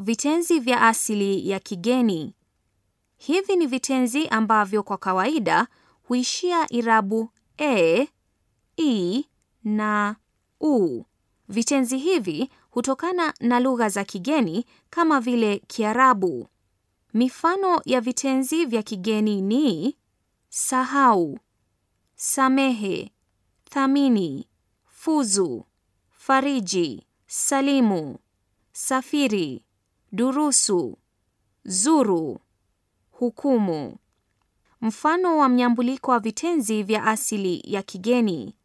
Vitenzi vya asili ya kigeni. Hivi ni vitenzi ambavyo kwa kawaida huishia irabu e, i na u. Vitenzi hivi hutokana na lugha za kigeni kama vile Kiarabu. Mifano ya vitenzi vya kigeni ni sahau, samehe, thamini, fuzu, fariji, salimu, safiri durusu, zuru, hukumu. Mfano wa mnyambuliko wa vitenzi vya asili ya kigeni.